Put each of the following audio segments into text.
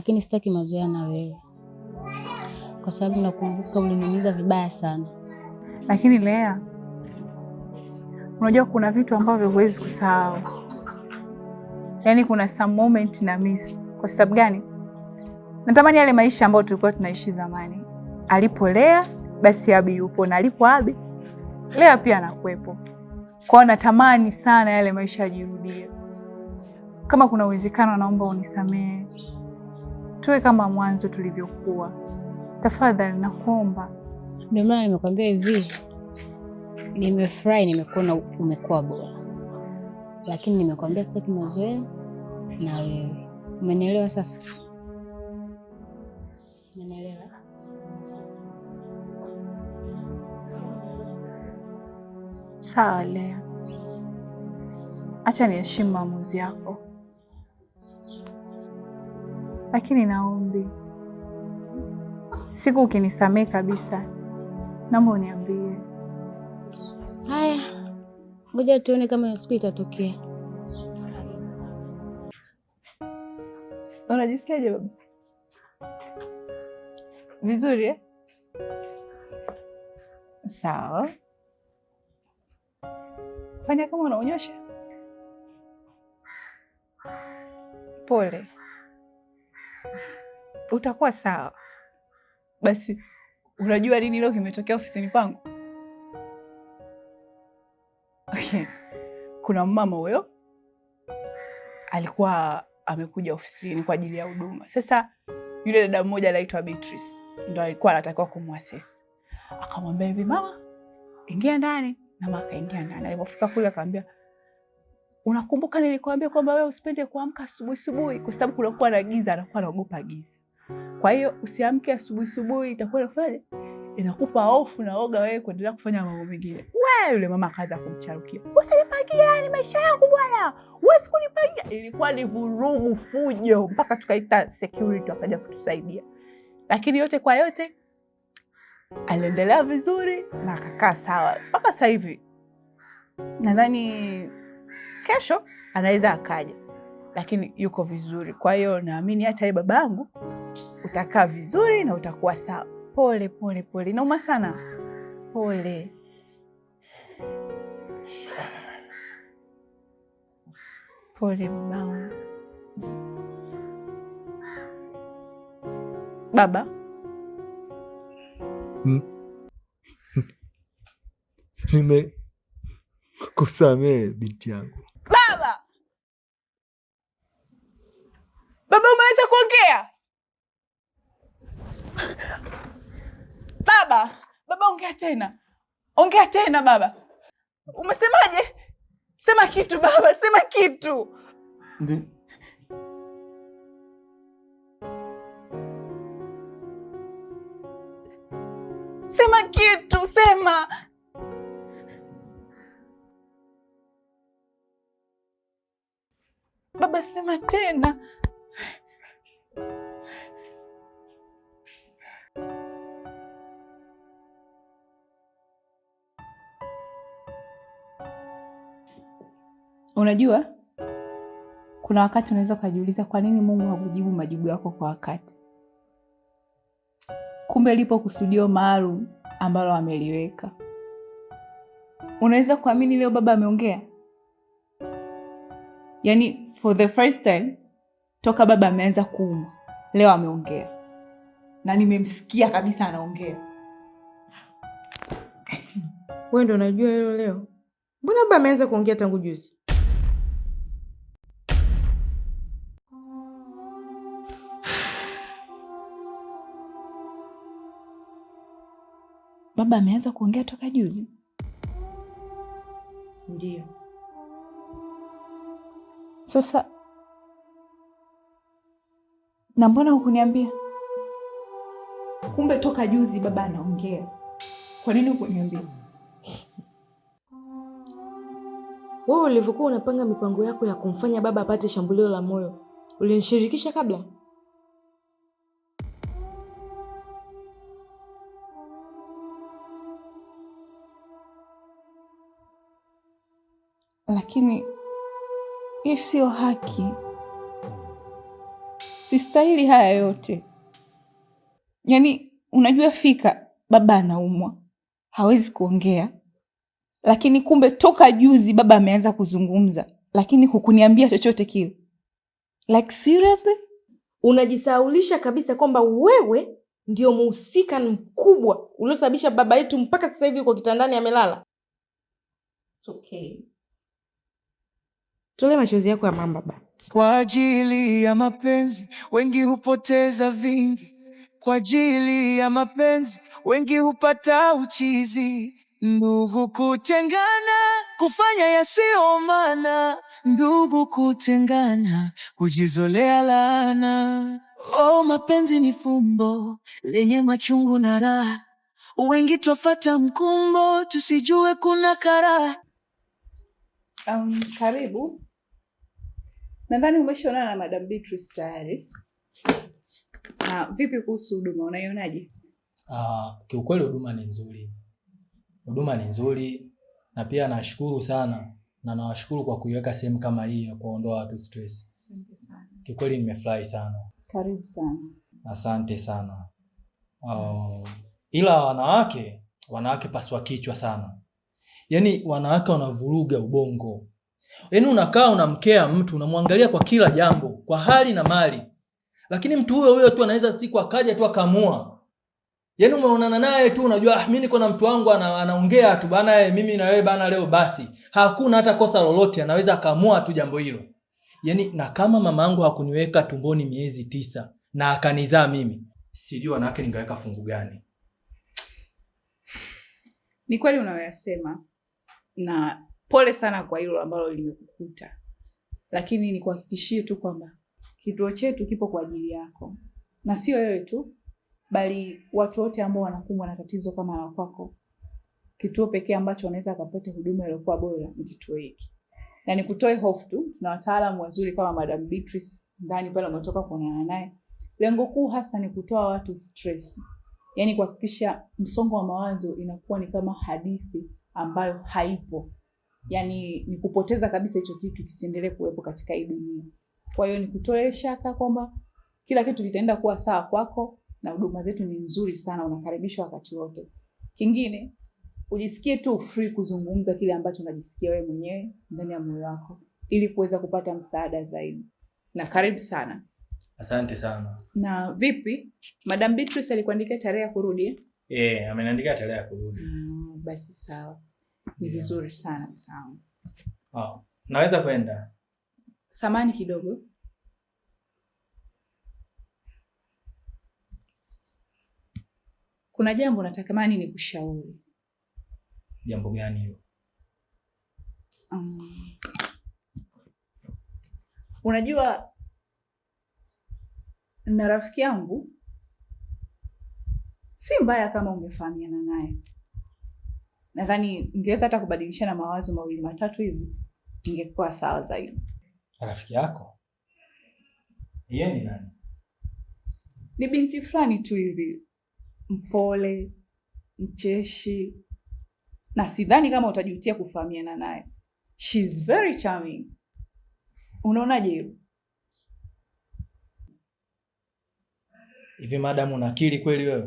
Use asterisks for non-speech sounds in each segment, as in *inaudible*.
lakini sitaki mazoea na wewe, kwa sababu nakumbuka uliniumiza vibaya sana. Lakini Lea, unajua kuna vitu ambavyo huwezi kusahau, yaani kuna some moment na miss. Kwa sababu gani? Natamani yale maisha ambayo tulikuwa tunaishi zamani. Alipo Lea basi Abi yupo, na alipo Abi Lea pia anakuwepo. kwao natamani sana yale maisha yajirudie. Kama kuna uwezekano, naomba unisamehe tuwe kama mwanzo tulivyokuwa. Tafadhali nakuomba. Ndio maana nimekwambia hivi, nimefurahi nimekuona umekuwa bora, lakini nimekwambia sitaki mazoea na wewe. Umenielewa sasa? Umenielewa? Sawa Lea, acha niheshimu maamuzi yako lakini naombi siku ukinisamee kabisa, naomba uniambie. Haya, ngoja tuone kama siku itatokea. Unajisikiaje baba? Vizuri eh? Sawa, fanya kama unaonyesha. Pole utakuwa sawa. Basi unajua nini leo kimetokea ofisini kwangu? Okay. Kuna mama huyo alikuwa amekuja ofisini kwa ajili ya huduma. Sasa yule dada mmoja anaitwa Beatrice ndo alikuwa anatakiwa kumwasesi, akamwambia hivi, mama ingia ndani. Mama akaingia ndani, alipofika kule akamwambia Unakumbuka nilikwambia kwamba wewe usipende kuamka asubuhi asubuhi kwa sababu kunakuwa na giza, anakuwa anaogopa giza. Kwa hiyo usiamke asubuhi asubuhi, itakuwa inafanya inakupa hofu na oga wewe kuendelea kufanya mambo mengine. We yule mama akaanza kumcharukia, usinipangia ni maisha yangu bwana, huwezi kunipangia. Ilikuwa ni vurugu fujo, mpaka tukaita security wakaja kutusaidia, lakini yote kwa yote aliendelea vizuri na akakaa sawa mpaka sasa hivi nadhani kesho anaweza akaja, lakini yuko vizuri. Kwa hiyo naamini hata baba babangu utakaa vizuri na utakuwa sawa. Pole pole pole, nauma sana, pole. Pole babangu. Baba, hmm. *laughs* nimekusamee binti yangu. Ongea baba, baba, ongea tena, ongea tena baba. Umesemaje? Sema kitu baba, sema kitu. Ndi sema kitu, sema baba, sema tena. Unajua, kuna wakati unaweza ukajiuliza kwa nini Mungu hakujibu majibu yako kwa wakati. Kumbe lipo kusudio maalum ambalo ameliweka. Unaweza kuamini leo baba ameongea, yaani for the first time toka baba ameanza kuumwa, leo ameongea na nimemsikia kabisa anaongea. Wewe ndio unajua hilo leo? Mbona baba ameanza kuongea tangu juzi? baba ameanza kuongea toka juzi. Ndio. Sasa na mbona hukuniambia? Kumbe toka juzi baba anaongea. Kwa nini hukuniambia? Wewe ulivyokuwa unapanga mipango yako ya kumfanya baba apate shambulio la moyo, ulinishirikisha kabla? lakini hii siyo haki. Sistahili haya yote. Yaani, unajua fika baba anaumwa hawezi kuongea, lakini kumbe toka juzi baba ameanza kuzungumza, lakini hukuniambia chochote kile. Like seriously, unajisaulisha kabisa kwamba wewe ndio muhusika mkubwa uliosababisha baba yetu mpaka sasa hivi uko kitandani amelala. It's okay tule machozi yako ya mamba ba. Kwa ajili ya mapenzi wengi hupoteza vingi, kwa ajili ya mapenzi wengi hupata uchizi. Ndugu kutengana, kufanya yasiyo maana, ndugu kutengana, kujizolea laana. Oh, mapenzi ni fumbo lenye machungu na raha, wengi twafata mkumbo, tusijue kuna karaha. Um, karibu Nadhani umeshaonana na Madam Beatrice tayari. Na ah, vipi kuhusu huduma unaionaje? Ah, kiukweli huduma ni nzuri. Huduma ni nzuri na pia nashukuru sana na nawashukuru kwa kuiweka sehemu kama hii ya kuondoa watu stress. Asante sana. Kiukweli nimefurahi sana. Karibu sana. Asante sana. Uh, ila wanawake wanawake paswa kichwa sana. Yaani wanawake wanavuruga ubongo. Yaani unakaa unamkea mtu, unamwangalia kwa kila jambo, kwa hali na mali, lakini mtu huyo huyo tu anaweza siku akaja tu akamua Yaani umeonana naye tu unajua ah, mimi niko na mtu wangu ana, anaongea tu bana yeye eh, mimi na wewe bana leo basi. Hakuna hata kosa lolote anaweza akaamua tu jambo hilo. Yaani na kama mama yangu hakuniweka tumboni miezi tisa na akanizaa mimi, sijui wanawake ningeweka fungu gani. Ni kweli unayoyasema na pole sana kwa hilo ambalo limekukuta, lakini nikuhakikishie tu kwamba kituo chetu kipo kwa ajili yako, na sio wewe tu, bali watu wote ambao wanakumbwa na tatizo kama la kwako. Kituo pekee ambacho unaweza kupata huduma iliyokuwa bora ni kituo hiki, na nikutoe hofu tu, tuna wataalamu wazuri kama Madam Beatrice ndani pale, umetoka kuonana naye. Lengo kuu hasa ni kutoa watu stress, yaani kuhakikisha msongo wa mawazo inakuwa ni kama hadithi ambayo haipo yani ni kupoteza kabisa hicho kitu kisiendelee kuwepo katika hii dunia. Kwa hiyo ni kutoe shaka kwamba kila kitu kitaenda kuwa sawa kwako na huduma zetu ni nzuri sana, unakaribishwa wakati wote. Kingine, ujisikie tu free kuzungumza kile ambacho unajisikia wewe mwenyewe ndani ya moyo wako ili kuweza kupata msaada zaidi. Na karibu sana. Asante sana. Na vipi, Madam Beatrice alikuandikia tarehe ya kurudi? Eh, ameniandikia tarehe ya kurudi. Mm, basi sawa ni yeah. vizuri sana mkaangu. Wow. naweza kwenda samani kidogo. Kuna jambo natakamani ni kushauri Jambo gani hilo? Um, unajua na rafiki yangu si mbaya kama umefahamiana naye nadhani ningeweza hata kubadilishana mawazo mawili matatu hivi, ingekuwa sawa zaidi. Rafiki yako yeye ni nani? Ni binti fulani tu hivi, mpole, mcheshi na sidhani kama utajutia kufahamiana naye. She very charming. Unaonaje hiyo? Hivi madamu, una akili kweli wewe?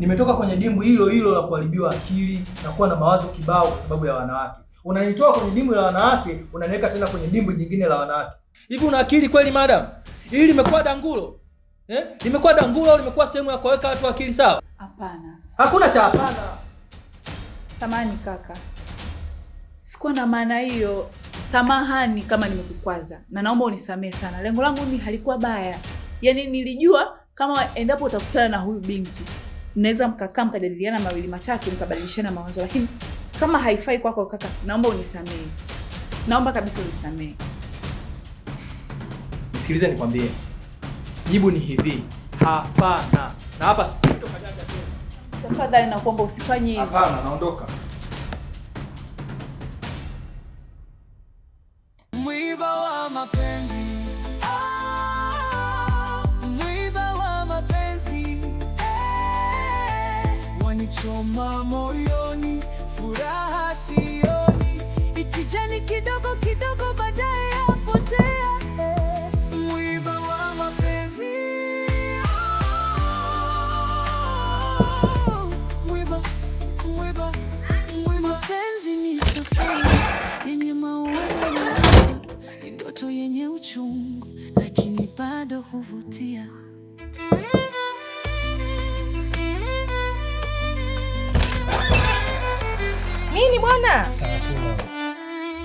nimetoka kwenye dimbu hilo hilo la kuharibiwa akili na kuwa na mawazo kibao kwa sababu ya wanawake. Unanitoa kwenye dimbu la wanawake, unaniweka tena kwenye dimbu jingine la wanawake. Hivi una akili kweli madam? Hili limekuwa dangulo eh? Limekuwa dangulo au limekuwa sehemu ya kuweka watu akili sawa? Hapana, hakuna cha hapana. Samahani kaka, sikuwa na maana hiyo. Samahani kama nimekukwaza na naomba unisamehe sana. Lengo langu mimi halikuwa baya, yaani nilijua kama endapo utakutana na huyu binti mnaweza mkakaa mkajadiliana mawili matatu mkabadilishana mawazo, lakini kama haifai kwako kaka, naomba unisamehe, naomba kabisa unisamehe. Sikiliza nikwambie, jibu ni hivi, hapana. Na hapa tafadhali nakuomba usifanye hivyo. Hapana, naondoka. Mwiba wa mapenzi ikinichoma moyoni, furaha sioni, ikijani kidogo kidogo, baadaye yapotea.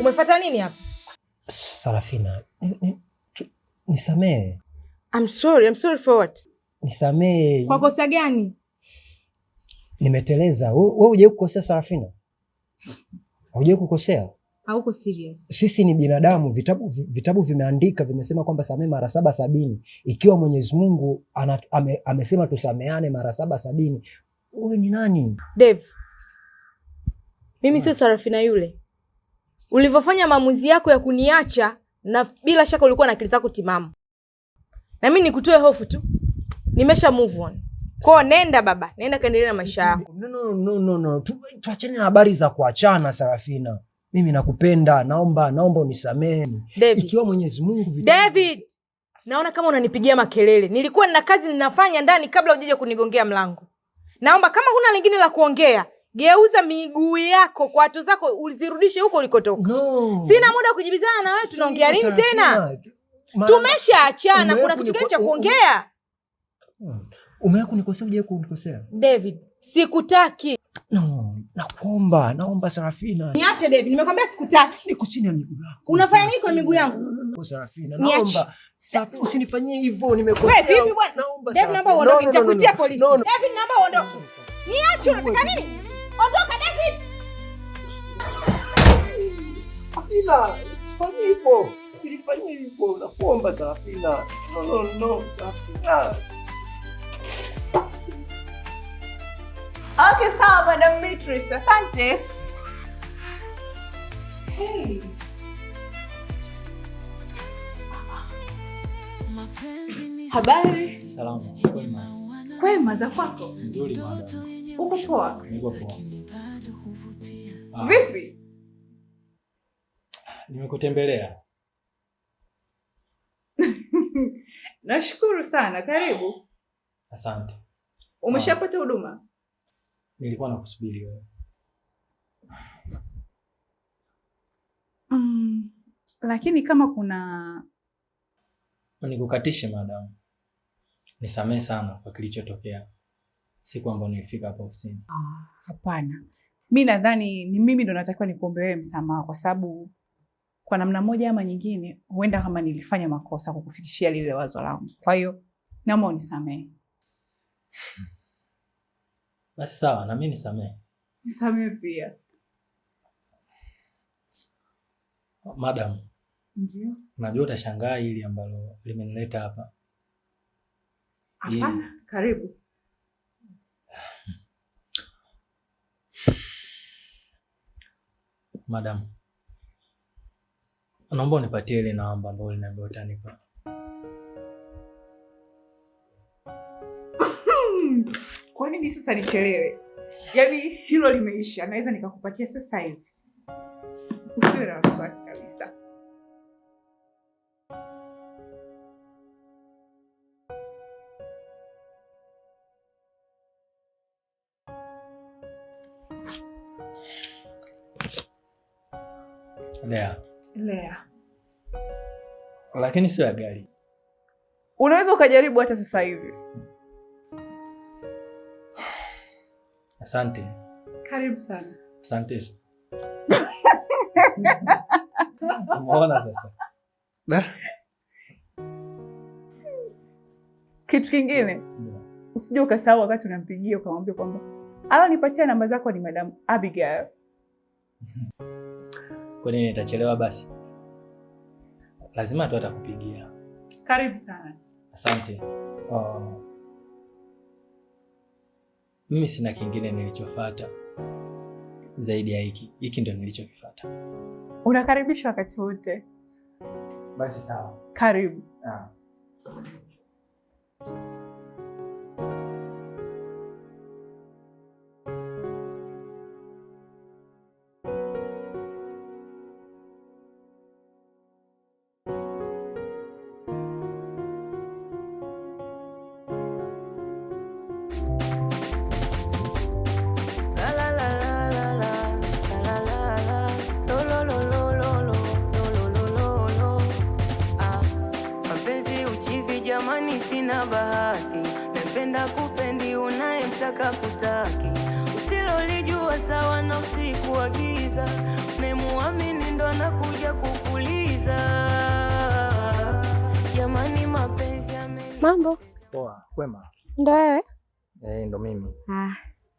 Umefuata nini hapa? Sarafina, nisamee. I'm sorry, I'm sorry for what? Nisamee. Kwa kosa gani? Nimeteleza. Wewe hujai kukosea Sarafina. Hujai kukosea. Hauko serious. Sisi ni binadamu, vitabu vitabu vimeandika vimesema kwamba samee mara saba sabini. Ikiwa Mwenyezi Mungu ame, amesema tusameane mara saba sabini. Wewe ni nani? Dave. Mimi sio Sarafina yule ulivyofanya maamuzi yako ya kuniacha, na bila shaka ulikuwa na akili zako timamu, na mimi nikutoe hofu tu, nimesha move on kwa Nenda baba, nenda kaendelea na maisha yako. No, no, no, no, no. Tuachane na habari za kuachana, Sarafina. Mimi nakupenda, naomba naomba unisamehe, ikiwa Mwenyezi Mungu vitu. David, naona kama unanipigia makelele. Nilikuwa nina kazi ninafanya ndani kabla hujaja kunigongea mlango. Naomba kama huna lingine la kuongea, geuza miguu yako kwa hatu zako uzirudishe huko ulikotoka. No. Sina muda kujibizana na wewe, tunaongea nini tena? Tumeshaachana, kuna kitu gani cha kuongea? Hmm. Umewahi kunikosea, hujawahi kunikosea David? Sikutaki. No, nakuomba, naomba Sarafina. Niache David, nimekwambia sikutaki. Niko chini ya miguu yako. Unafanya nini kwa miguu yangu? Sarafina, naomba. Sarafina, usinifanyie hivyo, nimekosea. Wewe vipi bwana? Naomba David, naomba uondoke, nitakutia polisi. David, naomba uondoke. Niache, unataka nini? Ondoka David. Safina, usifanye hivyo. Usifanye hivyo. Nakuomba Safina. No, no, no. Safina. Okay, sawa Madam Beatrice. Asante. Hey. Habari. Salamu. Kwema. Kwema za kwako? Nzuri madam. Uko poa? Niko poa. Ah. Vipi? Nimekutembelea. *laughs* Nashukuru sana, karibu. Asante. Umeshapata huduma? Nilikuwa nakusubiri wewe. Mm, lakini kama kuna nikukatishe madamu, nisamehe sana kwa kilichotokea siku ambayo nilifika hapa ofisini. Ah, hapana, mi nadhani ni mimi ndo natakiwa nikuombe wewe msamaha, kwa sababu kwa namna moja ama nyingine, huenda kama nilifanya makosa kwa kufikishia lile wazo langu, kwa hiyo naomba unisamehe. Basi sawa, na mimi nisamehe. Nisamehe pia madam. Ndio. Najua utashangaa hili ambalo limenileta hapa. Hapana, karibu Madam, naomba unipatie ile namba ambayo linavyotanipa. *coughs* Kwa nini sasa nichelewe? Yaani hilo limeisha, naweza nikakupatia sasa hivi. Usiwe na wasiwasi kabisa. lakini sio ya gari. Unaweza ukajaribu hata sasa hivi. Asante. Karibu sana. Asante. *laughs* Umeona sasa. Kitu kingine yeah. Usije ukasahau wakati unampigia ukamwambia kwamba nipatia namba zako ni Madam Abigail. Kwa nini nitachelewa basi? lazima tu atakupigia. Karibu sana. Asante. Oh, mimi sina kingine nilichofata zaidi ya hiki. Hiki ndio nilichokifata Unakaribishwa wakati wote. Basi sawa, karibu. Ah. sina bahati, napenda kupendi, unayemtaka kutaki, usilolijua sawa na usiku wa giza, unayemuamini ndo anakuja kukuliza. Jamani, mapenzi yame... Mambo poa, kwema? Ndo wewe eh? Ndo mimi. Ah,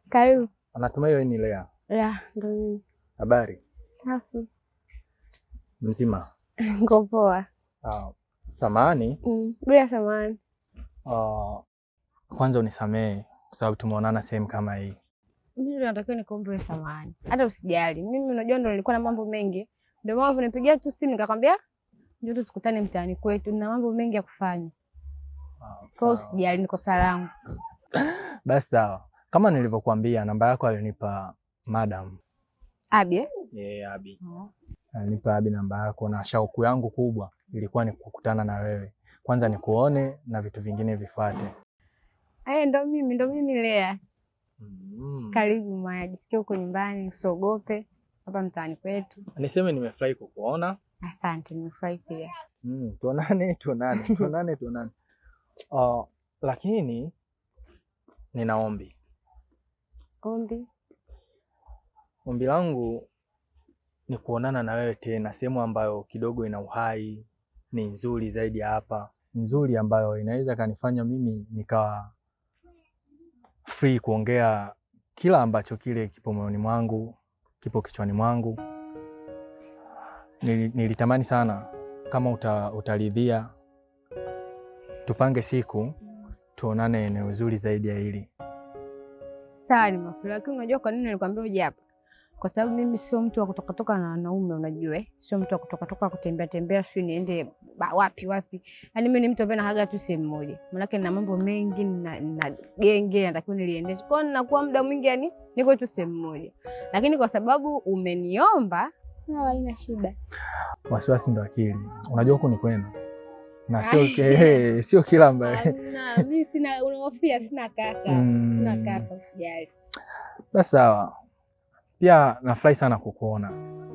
karibu. Anatumai wewe ni Lea? Yeah, ndo mimi. Habari? Safi. Mzima? *laughs* Niko poa. Ah, samani? Mm, bila samani Ah, kwanza unisamehe kwa sababu tumeonana sehemu kama hii. Mimi natakiwa nikuombe samahani, hata usijali. Mimi unajua ndo nilikuwa na mambo mengi, ndio maana unipigia tu simu nikakwambia njoo tu tukutane mtaani kwetu, nina mambo mengi ya kufanya. Kwa ah, usijali, niko salama. *laughs* Basi sawa, kama nilivyokuambia, namba yako alinipa madam Abi. Eh, yeah, Abi. Alinipa Abi namba yako, na shauku yangu kubwa ilikuwa ni kukutana na wewe kwanza nikuone na vitu vingine vifuate. Haya, ndo mimi, ndo mimi Lea. Mm. Karibu Maya, jisikie huko nyumbani, usiogope hapa mtaani kwetu. Niseme nimefurahi kukuona. Asante, nimefurahi pia. Mm, tuonane tuonane *laughs* tuonane tuonane. Uh, lakini nina ombi. Ombi? Ombi langu ni kuonana na wewe tena sehemu ambayo kidogo ina uhai, ni nzuri zaidi ya hapa nzuri ambayo inaweza kanifanya mimi nikawa free kuongea kila ambacho kile kipo moyoni mwangu, kipo kichwani mwangu. Nilitamani sana kama uta, utaridhia tupange siku tuonane eneo zuri zaidi ya hili. Sawa, lakini unajua kwa nini nilikwambia uje hapa? kwa sababu mimi sio mtu wa kutokatoka na wanaume, unajua sio mtu wa kutokatoka kutembea tembea, sio niende wapi wapi. Yani mimi ni mtu ambaye nahaga tu sehemu moja, manake nina mambo mengi na, na genge natakiwa niliendeshe, kwa hiyo ninakuwa muda mwingi yani niko tu sehemu moja, lakini kwa sababu umeniomba, sawa, haina shida. Wasiwasi ndo akili, unajua huku ni kwenu na sio sio kila ambaye mimi sina unahofia, sina kaka, mm. sina kaka, sijali. Basi sawa pia nafurahi sana kukuona.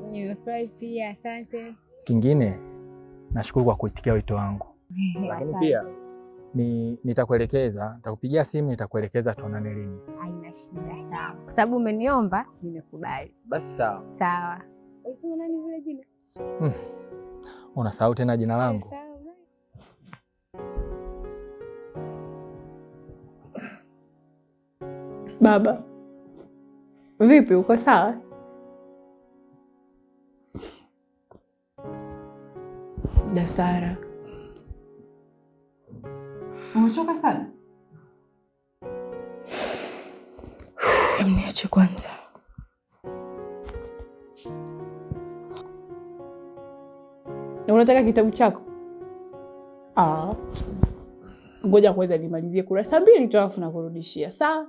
Nimefurahi pia, asante. Kingine nashukuru kwa kuitikia wito wangu. *laughs* Lakini pia ni nitakuelekeza, nitakupigia simu, nitakuelekeza tuonane lini. Haina shida, sawa. Kwa sababu umeniomba, nimekubali. Basi sawa. Sawa. Ulisema nani vile jina? Mm. Unasahau tena jina langu. Baba. Vipi, uko sawa? Dasara, umechoka sana? Mniache kwanza. Na unataka kitabu chako? Ngoja kwanza nimalizie kurasa mbili tu, alafu nakurudishia. Sawa.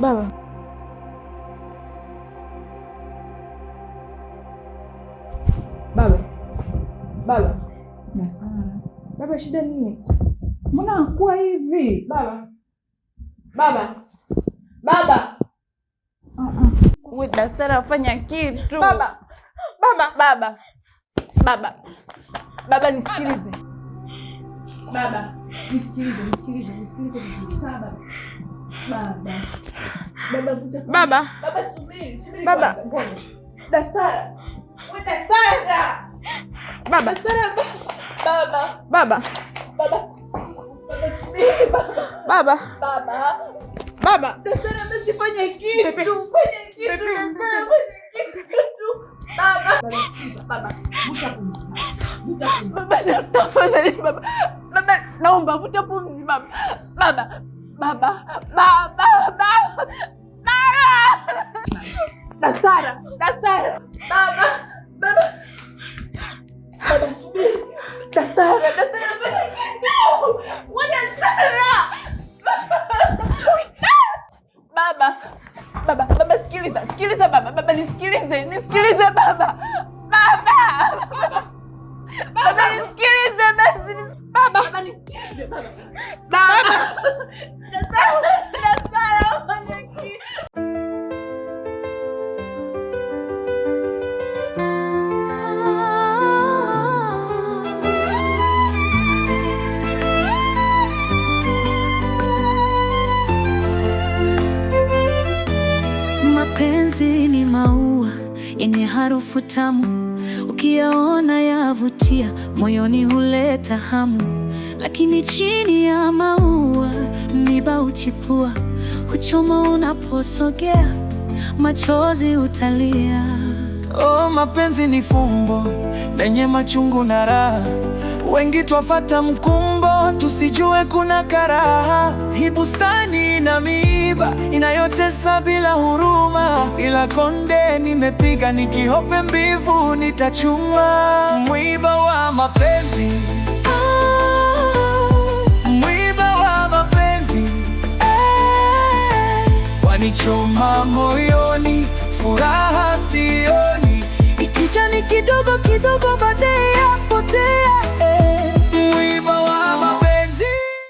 Baba, baba, baba, baba, shida nini? Mbona akuwa hivi baba? Baba, baba, we Dasara, fanya kitu baba. Baba, baba, baba, baba, nisikilize baba, nisikilize, nisikilize, nisikilize, nisikilize. Baba. Baba, baba. Baba, subiri, subiri. Baba. Dasara. Dasara. Baba. Dasara, baba. Baba. Baba. Baba. Baba. Baba. Dasara, msifanye kitu. Fanye kitu. Dasara, fanye kitu. Baba. Baba. Baba, Baba. baba. Baba, naomba vuta Baba. baba. Baba. Baba, baba, baba, baba. Dasara, Dasara, baba, baba. Baba, baba. Baba, baba, baba, sikiliza, sikiliza baba, baba, nisikilize, nisikilize baba. matamu, ukiyaona yavutia, moyoni huleta hamu. Lakini chini ya maua miba uchipua huchoma unaposogea, machozi utalia. Oh, mapenzi ni fumbo lenye machungu na raha wengi twafata mkumbo, tusijue kuna karaha. Hii bustani ina miiba inayotesa bila huruma, ila konde nimepiga nikihope mbivu nitachuma. Mwiba wa mapenzi mwiba wa mapenzi wanichoma moyoni, furaha sioni, ikijani kidogo kidogo badea